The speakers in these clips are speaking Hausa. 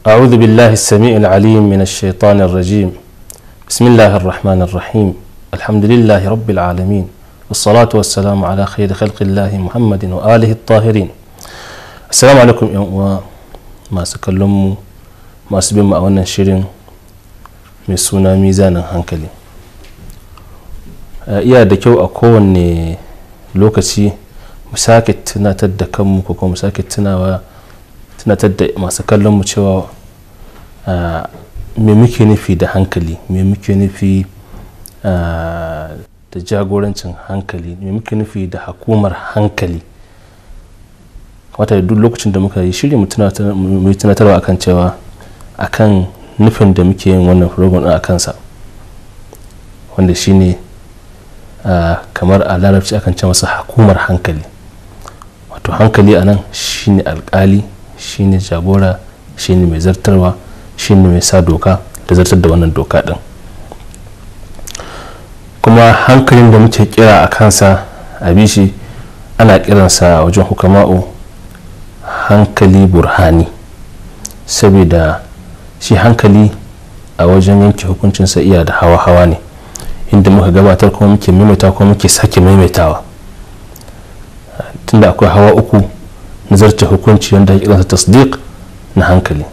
أعوذ بالله السميع العليم من الشيطان الرجيم بسم الله الرحمن الرحيم الحمد لله رب العالمين والصلاة والسلام على خير خلق الله محمد وآله الطاهرين السلام عليكم يا ما سكلم ما سبين ما أولنا شيرين mai suna mizanin hankali iya da kyau a kowane lokaci mu sake tunatar da masu kallon mu cewa me muke nufi da hankali me muke nufi da jagorancin hankali me muke nufi da hakumar hankali wata duk lokacin da muka yi shiri mu tunatarwa akan cewa akan nufin da muke yin wannan program a kansa wanda shine kamar a larabci akan ce masa hakumar hankali wato hankali a nan shine alkali shine jagora shine mai zartarwa shine mai sa doka da zartar da wannan doka din kuma hankalin da muke kira a kansa a bishi ana kiransa wajen hukama'u hankali burhani saboda shi hankali a wajen yanke hukuncin sa iya da hawa-hawa ne inda muka gabatar kuma muke maimaita kuma muke sake maimaitawa tunda akwai hawa uku nazarta hukunci wanda ya kiransa tasdiq na hankali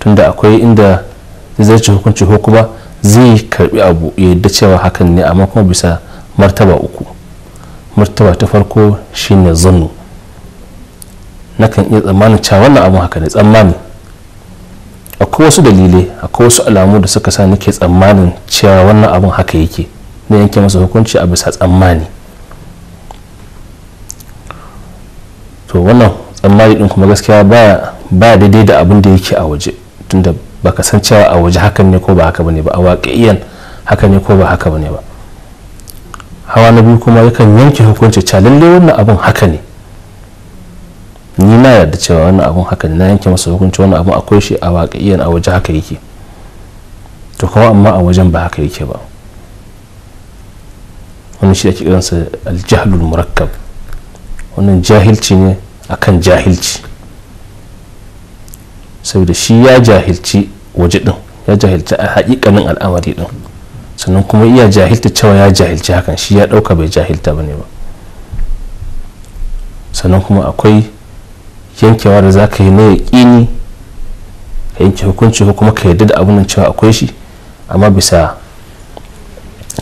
tunda akwai inda nazarta hukunci ko kuma zai karbi abu ya yadda cewa hakan ne amma kuma bisa martaba uku martaba ta farko shine zannu nakan iya tsammanin cewa wannan abun haka ne tsammani akwai wasu dalilai akwai wasu alamu da suka sa nake tsammanin cewa wannan abun haka yake na yanke masa hukunci a bisa tsammani to wannan tsammani din kuma gaskiya ba daidai da abin da yake a waje tunda baka san cewa a waje hakan ne ko ba haka bane ba a waƙiyan haka ne ko ba haka bane ba hawa na biyu kuma yakan yanke hukunci cewa lalle wannan abun haka ne ni na yarda cewa wannan abun haka ne na yanke masa hukunci wannan abun akwai shi a waƙiyan a waje haka yake to kuma amma a wajen ba haka yake ba wannan shi ake kiransa aljahlul murakkab wannan jahilci ne a kan jahilci saboda shi ya jahilci waje din ya jahilci a haƙiƙanin al'amari din sannan kuma iya jahilta cewa ya jahilci hakan shi ya ɗauka bai jahilta ba ne ba sannan kuma akwai yankewa da za ka yi na yaƙini ka yanke hukunci ko kuma ka yarda da abin cewa akwai shi amma bisa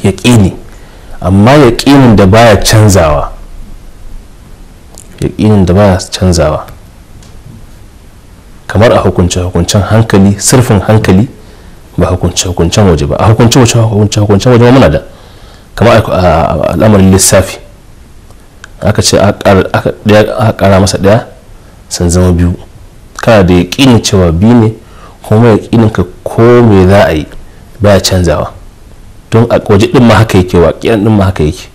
yaƙini amma yaƙinin da baya canzawa yaƙinin da baya canzawa kamar a hukunce hukuncen hankali surfin hankali ba hukunce hukuncen waje ba a hukunce hukunce hukuncen waje muna da kamar a al'amarin lissafi aka ce a kara masa ɗaya sun zama biyu kana da yaƙinin cewa biyu ne kuma yaƙinin ka ko me za a yi baya canzawa don a waje ɗin ma haka yake waƙiyan ɗin ma haka yake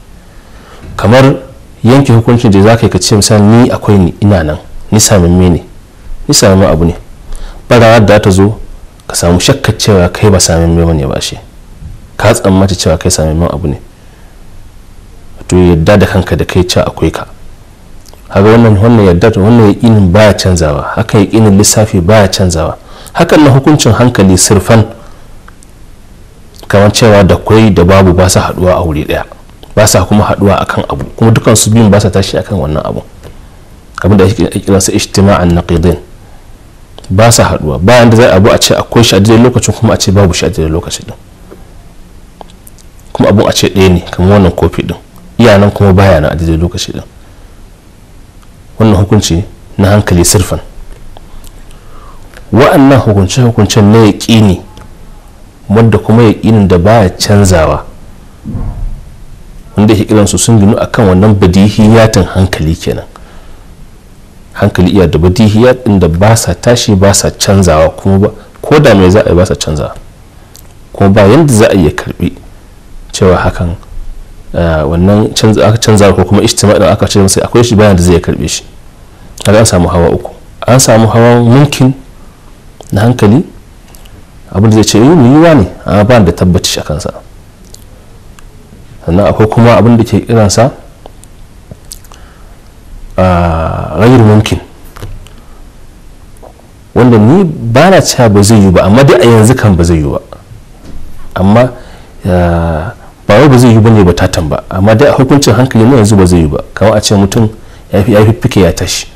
kamar yanke hukuncin da za ka yi ka ce misali ni akwai ni ina nan ni me ne ni samin abu ne barawar da ta zo ka samu shakka cewa kai ba me ne ba shi ka tsammaci cewa kai samamme abu ne to yadda da kanka da kai cewa akwai ka haka wannan wannan yadda wannan ba baya canzawa haka yaƙinin lissafi baya canzawa hakan na hukuncin hankali sirfan kamar cewa da kwai da babu ba su haduwa a wuri daya. ba sa kuma haduwa akan abu kuma dukan su biyun ba sa tashi akan wannan abu abinda ake kira sa ijtima'an naqidin ba sa haduwa bayan da zai abu a ce akwai shi a daidai lokacin kuma a ce babu shi a daidai lokacin din kuma abun a ce ɗaya ne kamar wannan kofi din iyanan kuma baya nan a daidai lokaci din wannan hukunci na hankali sirfan wa'annan hukunce-hukuncen na yaƙini wadda kuma yaƙinin da baya canzawa wanda yake kiransu sun ginu akan wannan badihiyatin hankali kenan hankali iya da badihiyat din da ba sa tashi ba sa canzawa kuma ba ko da mai za a yi ba sa canzawa kuma ba yanda za a iya karbi cewa hakan wannan canzawa ko kuma ijtima'i ɗin aka ce sai akwai shi bayan da zai karbe shi kaga an samu hawa uku an samu hawa mumkin na hankali abin da zai ce yi eh, yiwuwa ne amma ba da tabbaci a kansa sannan akwai kuma abin da ke kiransa a rayar mumkin wanda ni ba na cewa ba zai yi ba amma dai a yanzu kan ba zai yi ba amma ba wai ba zai yi ba ne batatan ba amma dai a hukuncin hankali na yanzu ba zai yi ba kawai a ce mutum ya fi fike ya tashi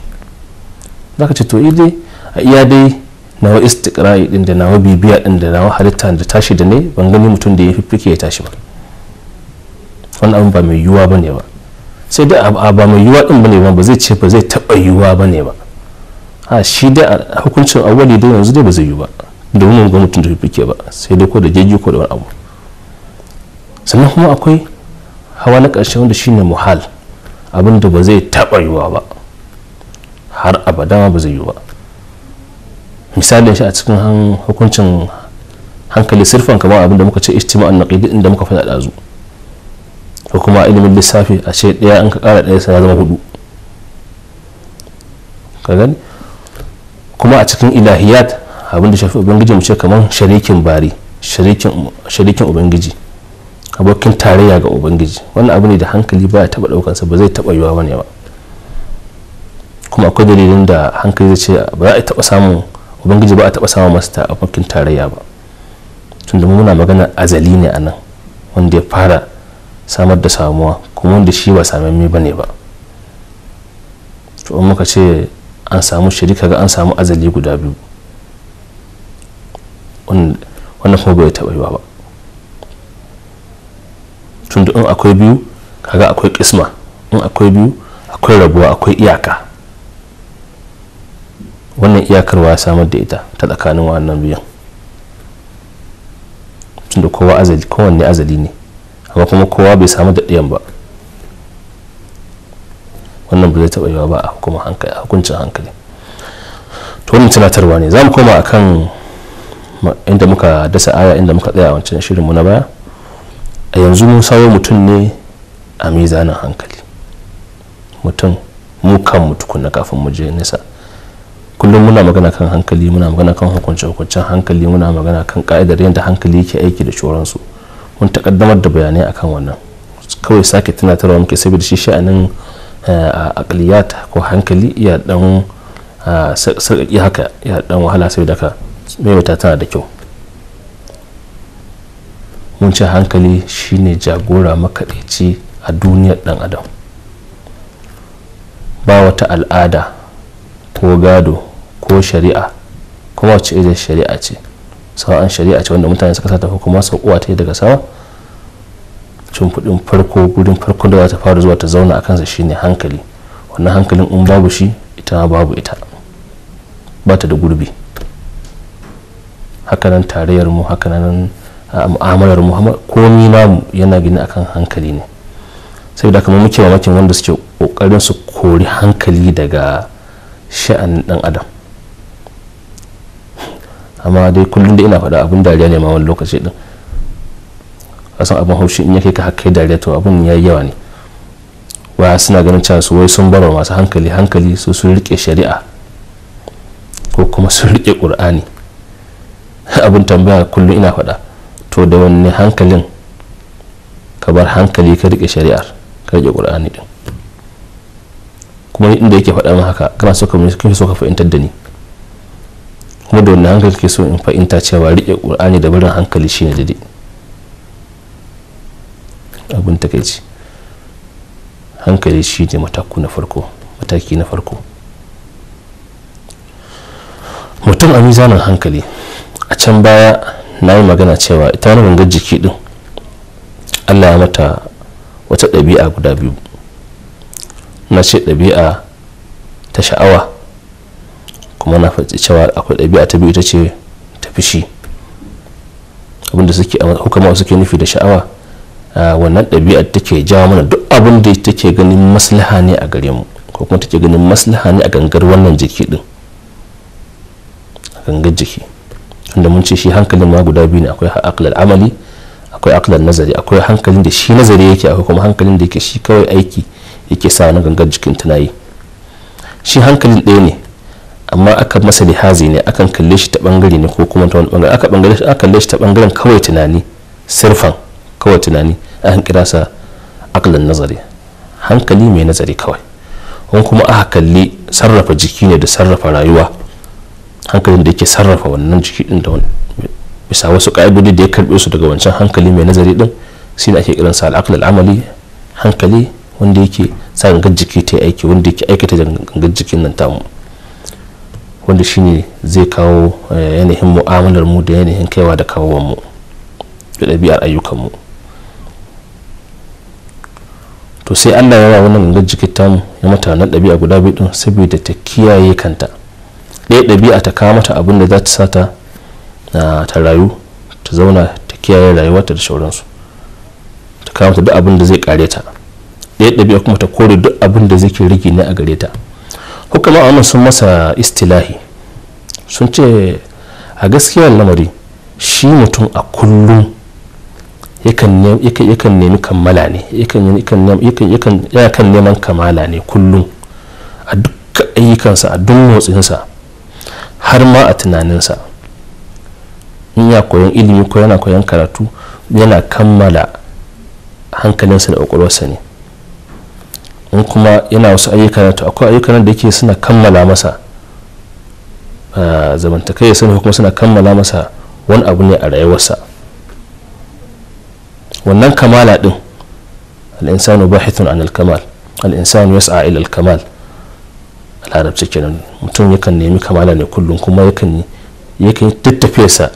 za ka ce to dai a iya dai nawa istiqra'i din da nawa bibiya din da nawa halitta da tashi da ne ban gani mutum da ya fi fike ya tashi ba wani abin ba mai yiwuwa ba ne ba sai dai ba mai yiwuwa din ba ne ba zai ce ba zai taɓa yiwuwa ba ne ba a shi dai a hukuncin awali da yanzu dai ba zai yiwu ba da wani gwamnatin da fike ba sai dai ko da jeji ko da wani abu sannan kuma akwai hawa na ƙarshe wanda shine muhal abin da ba zai taɓa yiwuwa ba har abada ba zai yiwu ba misalin shi a cikin hukuncin hankali sirfan kamar abin da muka ce ijtima'an naqidi inda muka faɗa ɗazu ko kuma ilimin lissafi a ce ɗaya an ka ƙara ɗaya sai ya zama hudu ka kuma a cikin ilahiyat abin da shafi ubangiji mu ce kamar sharikin bari sharikin ubangiji abokin tarayya ga ubangiji wannan abu ne da hankali baya taba daukansa ba zai taba yiwa bane ba kuma akwai dalilin da hankali zai ce ba za a taba samun ubangiji ba a taba samun masa ta abokin tarayya ba tunda muna magana azali ne a nan wanda ya fara samar da samuwa kuma wanda shi ba samammi ba ne ba to muka ce an samu shirika ga an samu azali guda biyu wannan kuma bai taɓa yiwa ba tun da in akwai biyu kaga akwai kisma in akwai biyu akwai rabuwa akwai iyaka wannan iyakarwa ya samar da ita ta tsakanin wannan biyan tunda kowa azali kowanne azali ne amma kuma kowa bai samu daɗiyan ba wannan ba zai taɓa yiwa ba a hukuncin hankali to wannan tunatarwa ne za mu koma a kan inda muka dasa aya inda muka tsaya a wancan shirinmu na baya a yanzu mun sawo mutum ne a mizanin hankali mutum mu kan mu tukunna kafin mu je nisa kullum muna magana kan hankali muna magana kan hukunce hukuncen hankali muna magana kan ka'idar yadda hankali yake aiki da shoransu mun takaddamar da bayanai akan wannan kawai sake tunatarwa muke saboda shi sha'anin eh, akliyat ko hankali ya dan eh, sarƙaƙi haka ya dan wahala saboda mai wata tana da kyau mun ce hankali shine jagora makaɗaici a duniyar ɗan adam ba wata al'ada ko gado ko shari'a kuma wace irin shari'a ce sawa'an shari'a ce wanda mutane suka tafi kuma kuma uwa ta yi daga sama kudin farko gudun farko da za ta fara zuwa ta zauna a kansa shine hankali wannan hankalin in babu shi ita babu ita ba ta da gurbi hakanan tarayyar mu hakanan mu'amalar mu komi namu yana gini akan hankali ne sai da kamar muke mamakin wanda suke kokarin su kori hankali daga sha'anin dan adam amma dai kullum da ina faɗa abin dariya ne ma wani lokaci din san abin haushi in yake ka hakka dariya to abin ya yi yawa ne waya suna ganin cewa su wai sun wa masu hankali hankali su sun rike shari'a ko kuma sun rike ƙur'ani abin tambaya kullum ina faɗa to da wani hankalin ka bar hankali ka rike shari'ar ka rike ƙur'ani din kuma inda yake faɗa min haka kana so ka fahimtar da ni kuma da wani hankali ke so in fahimta cewa riƙe ƙur'ani da barin hankali shi ne daidai abin takaici hankali shi ne mataku na farko mataki na farko mutum a mizanin hankali a can baya na yi magana cewa ita wani gangar jiki din allah ya mata wata ɗabi'a guda biyu na ce ɗabi'a ta sha'awa kuma na faɗi cewa akwai ɗabi'a ta biyu ita ce ta fushi abinda suke hukama suke nufi da sha'awa wannan ɗabi'a take jawo mana duk abin da take ganin maslaha ne a gare mu ko kuma take ganin maslaha ne a gangar wannan jiki din gangar jiki wanda mun ce shi hankalin ma guda biyu ne akwai aqlal amali akwai aqlal nazari akwai hankalin da shi nazari yake akwai kuma hankalin da yake shi kawai aiki yake sa na gangar jikin tunayi shi hankalin ɗaya ne amma aka masa lihazi ne akan kalle shi ta bangare ne ko kuma ta wani bangare aka bangare aka kalle shi ta bangaren kawai tunani sirfan kawai tunani an kira sa aqlan nazari hankali mai nazari kawai wani kuma aka kalli sarrafa jiki ne da sarrafa rayuwa hankalin da yake sarrafa wannan jiki din da wani bisa wasu ka'idodi da ya karbe su daga wancan hankali mai nazari din ne ake kiran sa al-aql al-amali hankali wanda yake sa gangar jiki ta aiki wanda yake aikata gangar jikin nan tamu wanda shine zai kawo eh, yanayin mu'amalar mu da yanayin kaiwa da kawowar mu da ɗabi'ar ayyukan mu to sai allah ya wa wannan gangar jikin ya mata wannan ɗabi'a guda biyu ɗin saboda ta kiyaye kanta ɗaya ɗabi'a ta kawo mata abin da za ta ta rayu ta zauna ta kiyaye rayuwarta da sauransu ta kawo mata duk abin da zai kare ta ɗaya ɗabi'a kuma ta kore duk abin da zai ke rigi ne a gare ta hukama amma sun masa istilahi sun ce a gaskiyar lamari shi mutum a kullum yakan nemi kammala ne yakan neman kamala ne kullum a dukkan ayyukansa a duk motsinsa har ma a tunaninsa in ya koyan ilimi ko yana koyan karatu yana kammala hankalinsa da ƙwaƙwalwarsa ne in kuma yana wasu ayyuka na to akwai ayyukan da yake suna kammala masa zamantakai ya sani kuma suna kammala masa wani abu ne a rayuwarsa wannan kamala din al'insanu bahithun an al-kamal al'insanu yas'a ila al-kamal larabci kenan mutum yakan nemi kamala ne kullum kuma yakan yakan tattafe sa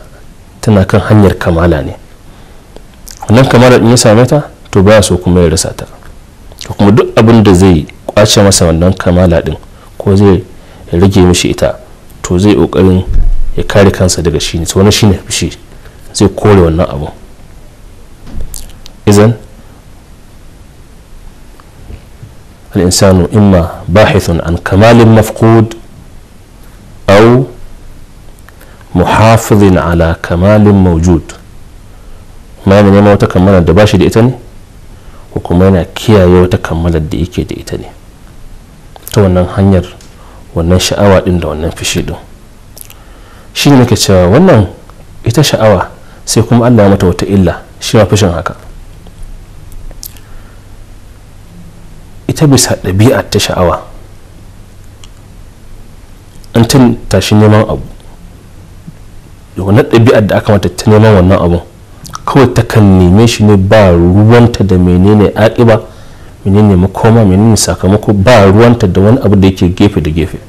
tana kan hanyar kamala ne wannan kamala din ya same ta to baya so kuma ya rasa ta kuma duk abin da zai kwace masa wannan kamala din ko zai rage mishi ita to zai kokarin ya kare kansa daga shi ne wani shine fushi zai kore wannan abu izan الإنسان إما باحث عن كمال مفقود أو محافظ على كمال موجود ما يعني ما da ita ne. ko kuma yana kiyaye wata kammalar da yake da ita ne ta wannan hanyar wannan sha'awa din da wannan fishi din shi ne nake cewa wannan ita sha'awa sai kuma allah mata wata illa shi ma fishin haka ita bisa ɗabi'a ta sha'awa an tun tashi neman abu da wannan ɗabi'ar da aka mata ta neman wannan abun kawai takan neme shi ne ba ruwanta da menene aƙiba menene makoma menene sakamako ba ruwanta da wani abu da yake gefe da gefe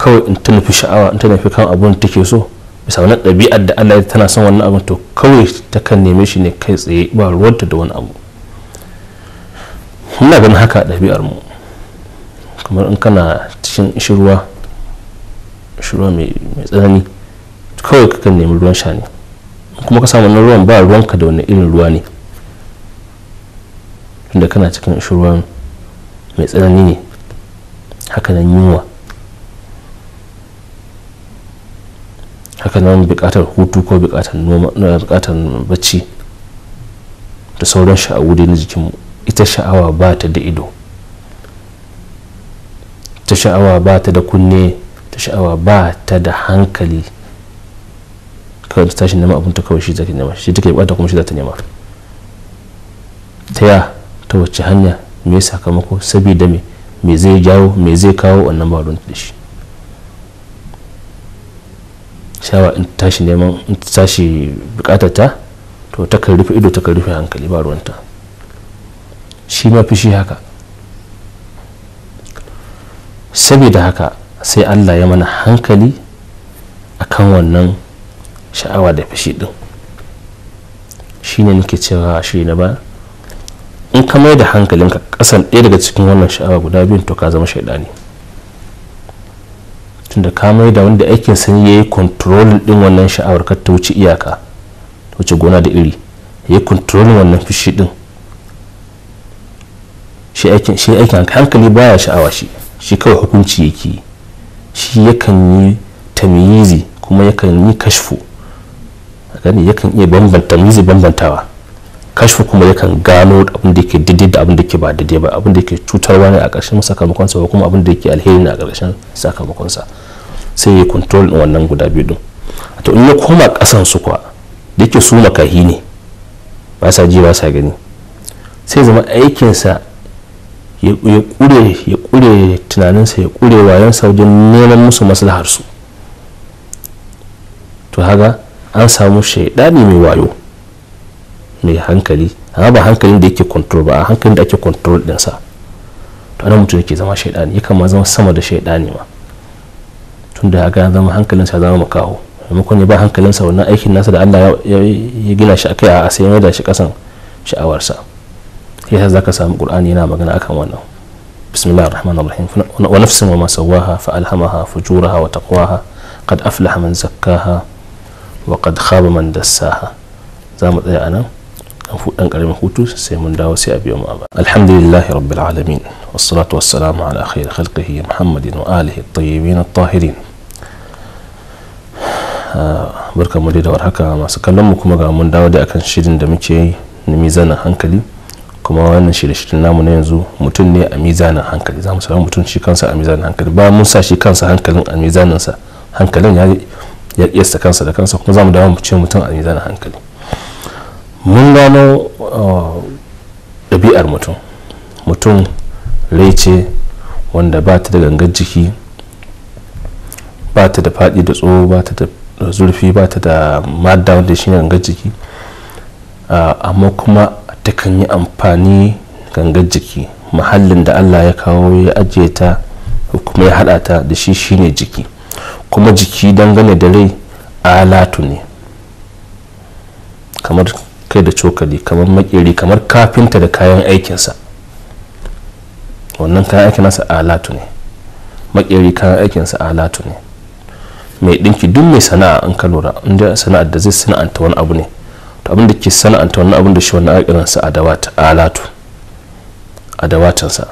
kawai in ta nufi sha'awa in ta nufi kan abun da take so bisa wani ɗabi'ar da Allah tana son wannan abin to kawai takan neme shi ne kai tsaye ba ruwanta da wani abu muna ganin haka ɗabi'ar mu kamar in kana cikin shirwa shirwa mai tsanani kawai kakan nemi ruwan sha ne kuma ka samu na ruwan ba ruwanka da wani irin ruwa ne tunda kana cikin ruwan mai tsanani ne haka nan yunwa nan bukatar hutu ko bukatar bacci da sauran sha'awu da na jikinmu ita sha'awa ba ta da ido ta sha'awa ba ta da kunne ta sha'awa ba ta da hankali kawai da tashin neman abin ta kawai shi zaki nema shi take bata kuma shi za ta nema ta ya ta wacce hanya me sakamako saboda me me zai jawo me zai kawo wannan ba da shi shawa in tashi neman in tashi bukatar ta to takan rufe ido ta kai rufe hankali ba ruwanta shi ma fi shi haka saboda haka sai allah ya mana hankali akan wannan sha'awa da fashi din shine nake cewa shi na ba in ka mai da hankalinka kasan ɗaya daga cikin wannan sha'awa guda biyun to ka zama shaidani tunda ka mai da wanda aikin sun ya yi kontrolin din wannan sha'awar ka ta wuce iyaka ta wuce gona da iri ya yi kontrolin wannan fushi din shi aikin hankali baya sha'awa shi shi kawai hukunci yake shi yakan yi tamyizi kuma yakan yi kashfu gani yakan iya bambanta mizi bambantawa kashfu kuma yakan gano abin da yake daidai da abin da yake ba daidai ba abin da yake cutarwa ne a ƙarshen sakamakon sa kuma abin da yake alheri ne a ƙarshen sakamakon sai ya control din wannan guda biyu din to in ya koma kasan su kuwa da yake su makahi ne ba sa ji ba sa gani sai zama aikin sa ya kure ya kure tunaninsa ya kure wayansa wajen neman musu maslahar su to haga an samu shaidani mai wayo mai hankali amma ba hankalin da yake control ba hankalin da ake control dinsa to ana mutum yake zama shaidani yakan ma zama sama da shaidani ma tunda da ga zama sa zama makaho maimakon ya ba hankalin sa wannan aikin nasa da allah ya gina shi akai a sai ya da shi kasan sa yasa zaka samu qur'ani yana magana akan wannan bismillah ar rahim wa nafsin ma sawaha fa alhamaha fujuraha wa taqwaha qad aflaha zakkaha wa qad khaba man dassaha za mu tsaya anan dan karamin hutu sai mun dawo sai a biyo mu aba alhamdulillahi rabbil alamin wassalatu wassalamu ala khair khalqihi muhammadin wa alihi at-tayyibin at-tahirin ah, barka mu da warhaka masu kallon mu kuma ga mun dawo da akan shirin da muke yi na mizanin hankali kuma wannan shirin shirin namu na yanzu mutum ne a mizanin hankali za mu samu mutum shi kansa a mizanin hankali ba mun sa shi kansa hankalin a mizaninsa hankalin ya ya kiyasta kansa da kansa kuma za mu dawo mu ce mutum a mizanin hankali mun gano ah, ɗabi'ar mutum mutum rai ce wanda ba ta da gangar jiki ba ta da faɗi da tsoho ba ta da zurfi ba ta da madda wanda shi gangar jiki ah, amma kuma ta kan yi amfani gangar jiki muhallin da allah ya kawo ya ajiye ta kuma ya haɗa ta da shi shine jiki kuma jiki dangane da rai alatu ne kamar kai da cokali kamar makeri kamar kafinta da kayan aikinsa wannan kayan aikin nasa alatu ne makeri kayan aikinsa alatu ne mai dinki duk mai sana'a an ka lura inda sana'ar da zai sana'anta wani abu ne to abin da ke sana'anta wani abin da shi wannan aikin sa adawat alatu adawatansa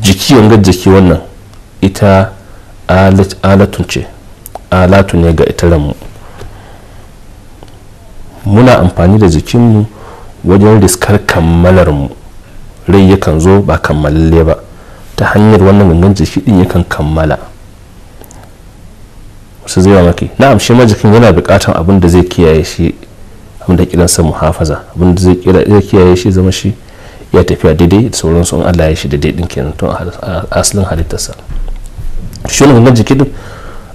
jiki wanga jiki wannan ita alatun ce alatu ne ga ita ranmu muna amfani da jikinmu wajen riskar kammalarmu rai yakan zo ba kammalalle ba ta hanyar wannan gangan jiki din yakan kammala su zai maki na'am shi ma jikin yana bukatan abin da zai kiyaye shi abin da kiransa muhafaza abin da zai kiyaye shi zama shi ya tafiya daidai da sauransu in allah shi daidai din kenan tun asalin halittarsa shi na gangan jiki din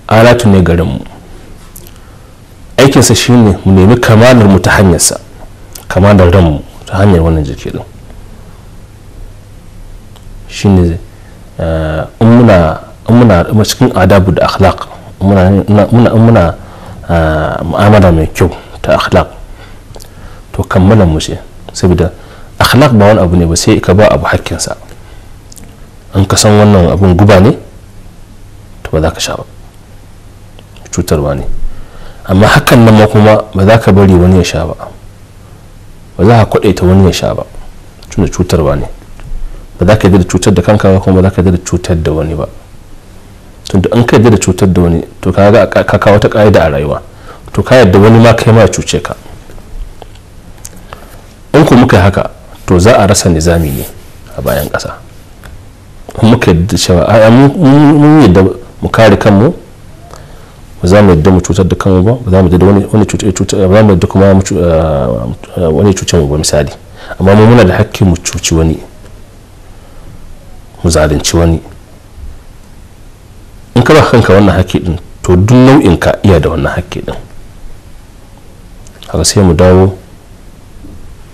alatu ne garin mu aikinsa shine mu nemi kamalar mu ta hanyarsa kamalar mu ta hanyar wannan jiki din shine eh, in muna in cikin adabu da akhlaq muna eh, mu'amala mai kyau ta akhlaq to kammalan mu ce saboda akhlaq ba wani abu ne ba sai ka ba abu sa an ka san wannan abun guba ne ba za ka sha ba cutarwa ne amma hakan nan ma kuma ba za ka bari wani ya sha ba ba za ka kwadaita wani ya sha ba tunda cutarwa ne ba za ka yi da cutar da kanka ba kuma ba za ka yi da cutar da wani ba tunda an ka yi da cutar da wani to ka ga ka kawo ta ka'ida a rayuwa to ka yadda wani ma kai ma ya cuce ka in ku muka haka to za a rasa nizami ne a bayan ƙasa muka yadda cewa mun yadda mu kare kanmu ba za mu yadda mu cutar da kanmu ba ba za mu yadda wani cutar kuma eh, eh, wani cutar mu ba misali amma mu muna da hakkin mu cuci wani mu zalunci wani in ka ba kanka wannan hakki din to duk nau'in ka iya da wannan hakki din haka sai mu dawo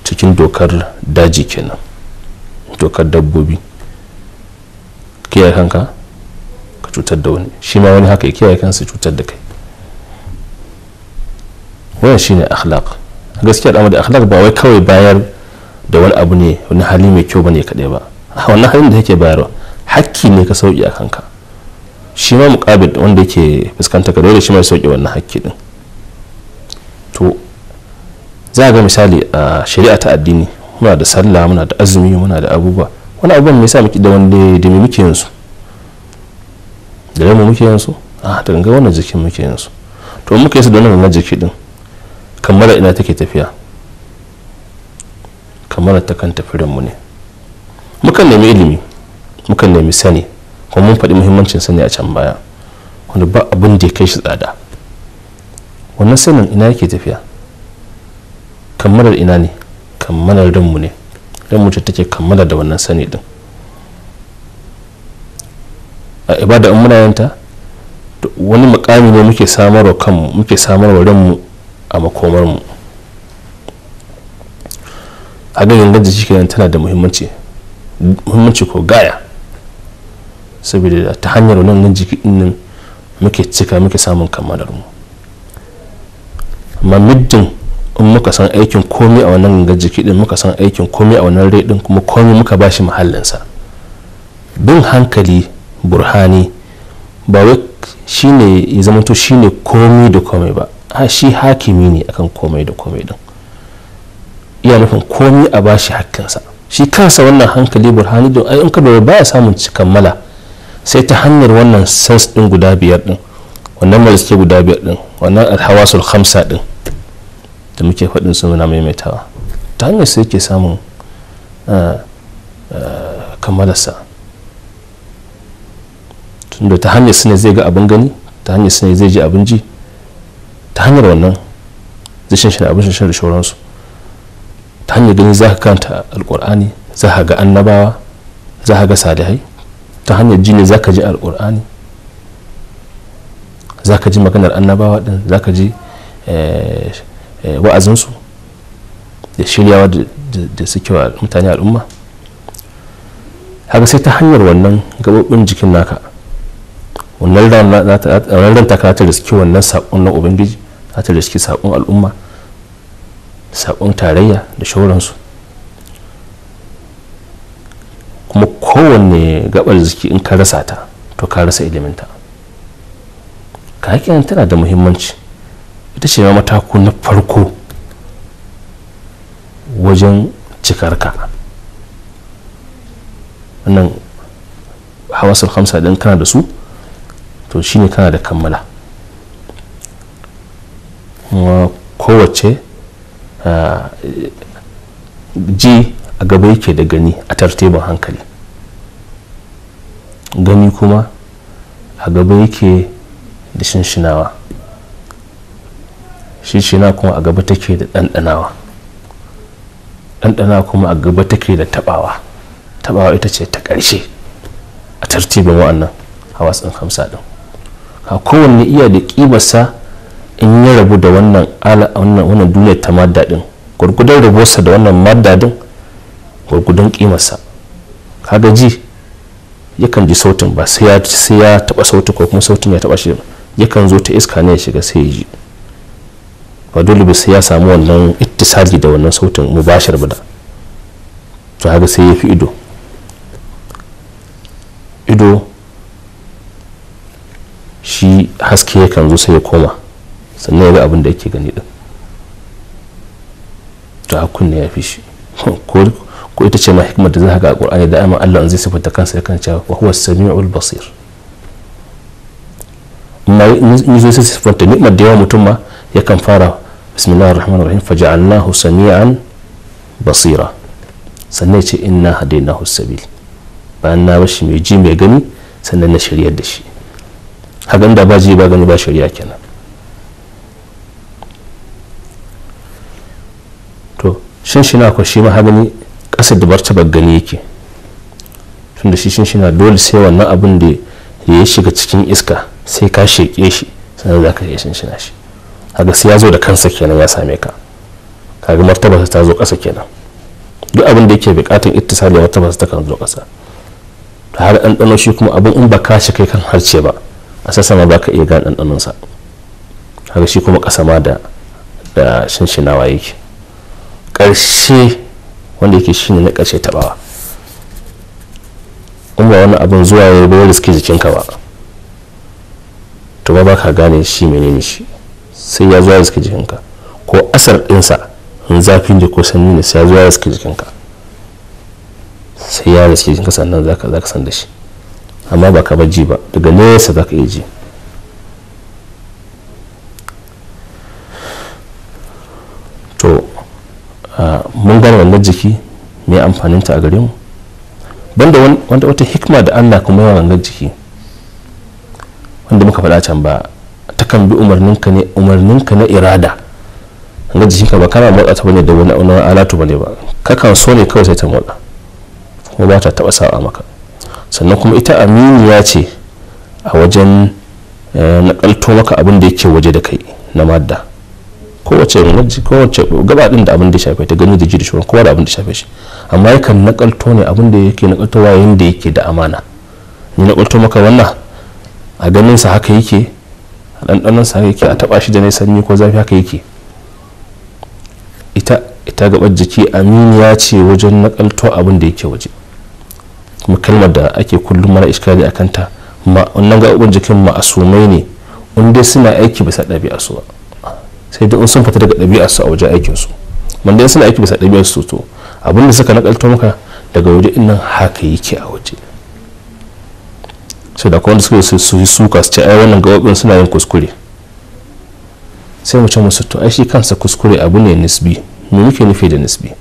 cikin dokar daji kenan dokar dabbobi kiyaye kanka ka cutar da wani shi ma wani haka ya kiyaye kansa cutar da kai wannan shine akhlaq gaskiya da akhlaq ba wai kawai bayar da wani abu ne wani hali mai kyau bane kadai ba wannan halin da yake bayarwa hakki ne ka sauki a kanka shi ma muqabil wanda yake fuskanta ka dole shi ma ya sauki wannan hakki din to za ga misali a shari'a ta addini muna da sallah muna da azumi muna da abubuwa wani abubuwan me yasa muke da wanda da muke yanzu da rama muke yin su ah, a da wannan jikin muke yin su to muka yi su da wannan jiki din kammala ina take tafiya kammala ta kan tafi mu ne mukan nemi ilimi mukan nemi sani kuma mun faɗi muhimmancin sani a can baya wanda ba abin da ya kai shi tsada wannan sanin ina yake tafiya kammalar ina ne kammalar ranmu ne ranmu ce take kammala da wannan sani din a ibada in muna yanta wani mukami ne muke samarwa kanmu muke samarwa ranmu a makomarmu haga gangar jiki kenan tana da muhimmanci muhimmanci ko gaya saboda ta hanyar wannan jiki nan muke cika muke samun kamalar mu amma middin in muka san aikin komai a wannan gangar jiki din muka san aikin komai a wannan rai din kuma komi muka bashi mahallinsa bin hankali burhani ba wai shine ya zama zamanto shine komai da komai ba shi hakimi ne akan komai da komai din iya nufin komai a bashi hakkinsa shi kansa wannan hankali burhani don ayi in ka lura baya samun kammala sai ta hanyar wannan sens din guda biyar din wannan majalisai guda biyar din wannan alhawasul khamsa din da muke faɗin su muna maimaitawa ta hanyar sai ke samun ah, ah, kammalarsa da ta hanyar su ne zai ga abin gani ta hanyar su ne zai ji abin ji ta hanyar wannan zai shan shi abin shan da shauransu ta hanyar gani za ka kanta alkur'ani za ka ga annabawa za ka ga salihai ta hanyar ji ne za ka ji alkur'ani za ka ji maganar annabawa din za ka ji eh, eh, wa'azinsu da shiryawa da suke wa mutane al'umma haka sai ta hanyar wannan gabobin jikin naka wannan ranta ta ta riski wannan saƙon na ubangiji za ta riski saƙon al'umma saƙon tarayya da shauransu kuma kowanne gabar jiki in ka rasa ta to ka rasa iliminta ka yana tana da muhimmanci ita ce ma matako na farko wajen cikarka wannan hawasul hamsa din kana da su to shine kana da kammala kuma kowace ji a gaba yake da gani a tartibin hankali gani kuma a gaba yake da shinshinawa shinshina kuma a gaba take da ɗanɗanawa ɗanɗana kuma a gaba take da taɓawa taɓawa ita ce ta ƙarshe a tartibin wa'annan hawa tsin hamsa ɗin a kowanne iya da kibarsa in ya rabu da wannan wannan duniya ta madadin gurgudan gwargudan rabuwarsa da wannan madadin gurgudan kimarsa kaga ji yakan ji sautin ba sai ya sai ya taba sautin ko kuma sautin ya taba shi yakan zo ta iska ne ya shiga sai ya ji ba dole ba sai ya samu wannan ittisali da wannan sautin mubashir ba da to haka sai ya fi ido ido shi haske yakan zo sai ya koma sannan ya ga abin da yake gani din to hakun ne ya fi shi ko ita ce ma hikimar da za haka a ƙur'ani da aiman Allah zai sifanta kansa ya kan cewa wa sami samiul basir amma in zo sai sifanta ni'mar da yawa mutum ma yakan fara ar-rahman ar rahim faja'alnahu sami'an basira sannan ya ce inna hadainahu sabil bayan na bashi mai ji mai gani sannan na shiryar da shi hakan da ba ji ba gani ba shari'a kenan to shin shi na ko shi ma hagani ƙasa da barta ba gani yake tunda shi shin shi na dole sai wannan abin da ya shiga cikin iska sai ka sheke shi sannan za ka iya shin shina shi haga sai ya zo da kansa kenan ya same ka kaga martaba ta zo kasa kenan duk abin da yake buƙatar ittisali martaba ta kan zo ƙasa har dano shi kuma abin in ba ka shi kai kan harce ba a sassama ba ka iya gan ɗanɗanonsa haka shi kuma ƙasa ma da da shinshinawa yake ƙarshe wanda yake shi ne na ƙarshe taɓawa in ba wani abin zuwa ya bai riske jikinka ba to ba ka gane shi menene shi sai ya zuwa riske jikinka ko asar ɗinsa in zafin da ko sanyi ne sai ya zuwa riske jikinka sai ya riske jikinka sannan za ka san da shi amma ba ka ji ba daga nesa za ka iya ji to mun gane wannan jiki mai amfaninta a gare mu banda wanda wata hikima da allah kuma yawan wannan jiki wanda muka faɗa can ba takan bi umarninka na irada ga jikinka ba kana motsa ta bane da wani alatu bane ba kakan so ne kawai sai ta motsa kuma ba ta taɓa sa'a maka sannan kuma ita aminiya ce a wajen eh, nakalto maka abin da yake waje da kai na madda kowace kowace gaba din da abin da shafe ta gani da ji da shugaban kowa da abin da shafe shi amma yakan nakalto ne abin da yake nakaltowa da yake da amana ni nakalto maka wannan a ganin sa haka yake a ɗanɗanon sa haka yake a taɓa shi da nai sanyi ko zafi haka yake ita ita gabar jiki aminiya ce wajen nakalto abin da yake waje kuma kalmar da ake kullum mana iskari a kanta wannan gaɓoɓin jikin ma'asumai ne in suna aiki bisa ɗabi'a su sai dai sun fita daga ɗabi'a su a wajen aikin su man dai suna aiki bisa ɗabi'a su to abin da suka nakalto maka daga waje in nan haka yake a waje sai da kuma wanda suka su yi suka su ce ai wannan gaɓoɓin suna yin kuskure sai mu ce musu to ai shi kansa kuskure abu ne nisbi me muke nufi da nisbi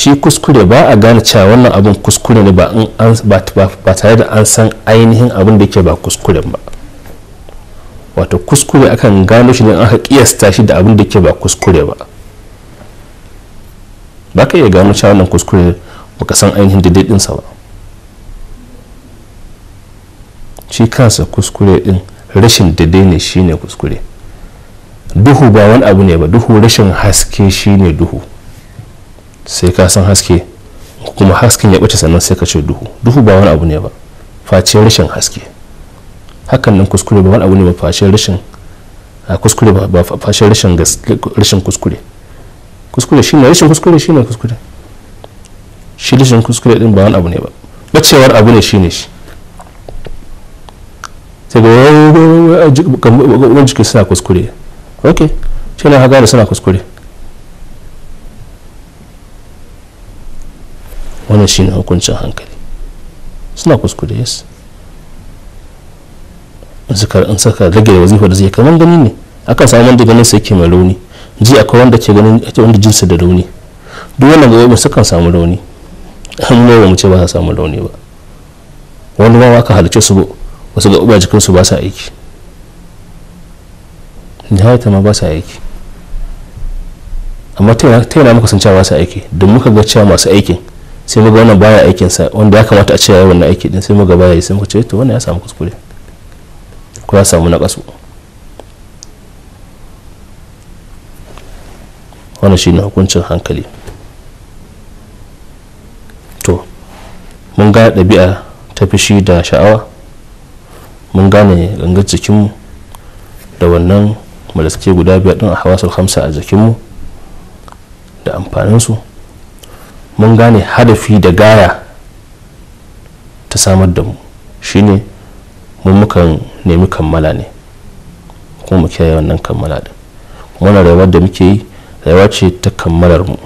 shi kuskure ba a gane cewa wannan abin kuskure ne ba tare da an san ainihin abin da ke ba kuskuren ba wato kuskure akan gano shi ne aka kiyasta shi da abin da ke ba kuskure ba ba ka iya gano cewa wannan kuskure ba ka san ainihin daidaidinsa ba shi kansa kuskure din rashin daidai ne shine kuskure duhu ba wani abu ne ba duhu rashin haske shine duhu sai ka san haske kuma hasken ya ɓace sannan sai ka ce duhu duhu ba wani abu ne ba face rashin haske hakan nan kuskure ba wani abu ne ba face rashin kuskure ba faciyar rashin rashin kuskure kuskure shine rashin kuskure shine kuskure shi rashin kuskure din ba wani abu ne ba bacewar abu ne shine shi sai ga wani jikin suna kuskure ok shi ne haka da suna kuskure wannan shi ne hukuncin hankali suna kuskure yes in saka rage da wazifa da zai kamar gani ne akan samu wanda ganin sai ke mai rauni ji akwai wanda ke ganin ake wanda jinsa da rauni duk wannan gaba su kan samu rauni an ba mu ce ba sa samu rauni ba wani ma waka halice su wasu ga uba su ba sa aiki nihayata ma ba sa aiki amma ta yana muka san cewa ba sa aiki don muka ga cewa masu aikin sai mu wannan baya aikin sa wanda ya kamata a ce yayin wannan aiki din sai muga baya yi sai muka ce eh, to wannan ya samu kuskure ko ya samu nakasu wannan shine hukuncin hankali to mun ga ɗabi'a ta fushi da sha'awa mun gane gangar jikinmu da wannan malaske guda biyar din a hawasul hamsa a jikinmu da amfaninsu mun gane hadafi da gaya ta samar da mu shine mun muka nemi kammala ne kuma mu kiyaye wannan kammala din wannan rayuwar da muke yi rayuwa ce ta kammalar mu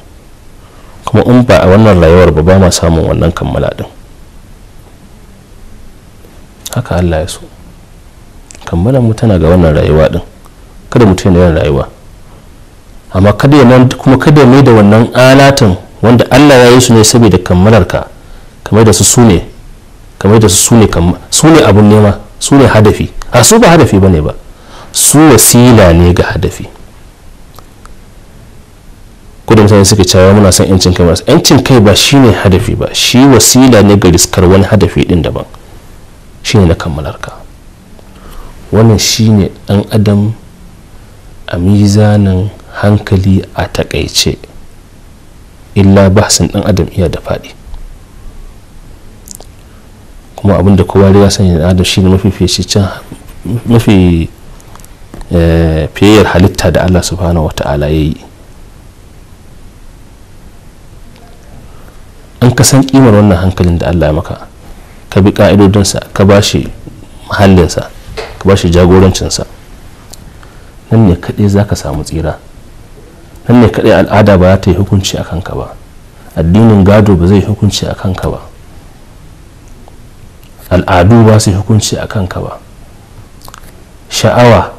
kuma in ba a wannan rayuwar ba ba ma samun wannan kammala din haka allah ya so kammalar mu tana ga wannan rayuwa din kada mutum yana rayuwa amma kada ya kuma kada mai da wannan alatin wanda Allah ya yi su ne saboda kammalar ka kamar da su sune kamar da su sune sune abun nema sune hadafi a su ba hadafi bane ba su wasila ne ga hadafi ko da mutane suka cewa muna son yancin kai masu yancin kai ba shine hadafi ba shi wasila ne ga riskar wani hadafi din daban shine na kammalar ka wannan shine dan adam a mizanin hankali a takaice illa bahsin dan adam iya da faɗi kuma abin da kowa ya sani da adam shine mafi mafi eh, fiyayyar halitta da allah subhanahu wata'ala ya yi an kasan kimar wannan hankalin da allah ya maka ka bi ka'idodinsa ka ba shi mahallinsa ka ba shi jagorancinsa nan ne kaɗai zaka samu tsira nan ne kaɗai al'ada ba za ta yi hukunci a kanka ba addinin gado ba zai hukunci a kanka ba al'adu ba su hukunci a kanka ba sha'awa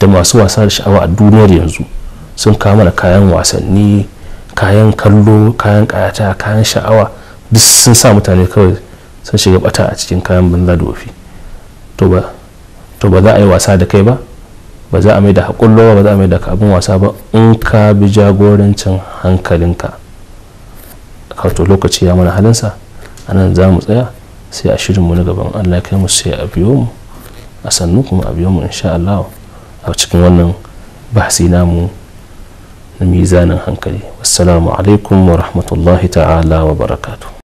da masu wasa da sha'awa a duniyar yanzu sun kama da kayan wasanni kayan kallo kayan kayata kayan sha'awa duk sun sa mutane kawai sun shiga bata a cikin kayan banza da wafi to ba za a yi wasa da kai ba ba za a mai da haƙullo ba za a mai da abin wasa ba in ka bi jagorancin hankalinka kato lokaci ya mana halinsa a nan za mu tsaya sai a shirin mu na gaban allah kai mu sai a biyo mu a sannu kuma a biyo mu insha allah a cikin wannan bahsi namu na mizanin hankali wassalamu alaikum wa rahmatullahi ta'ala wa barakatu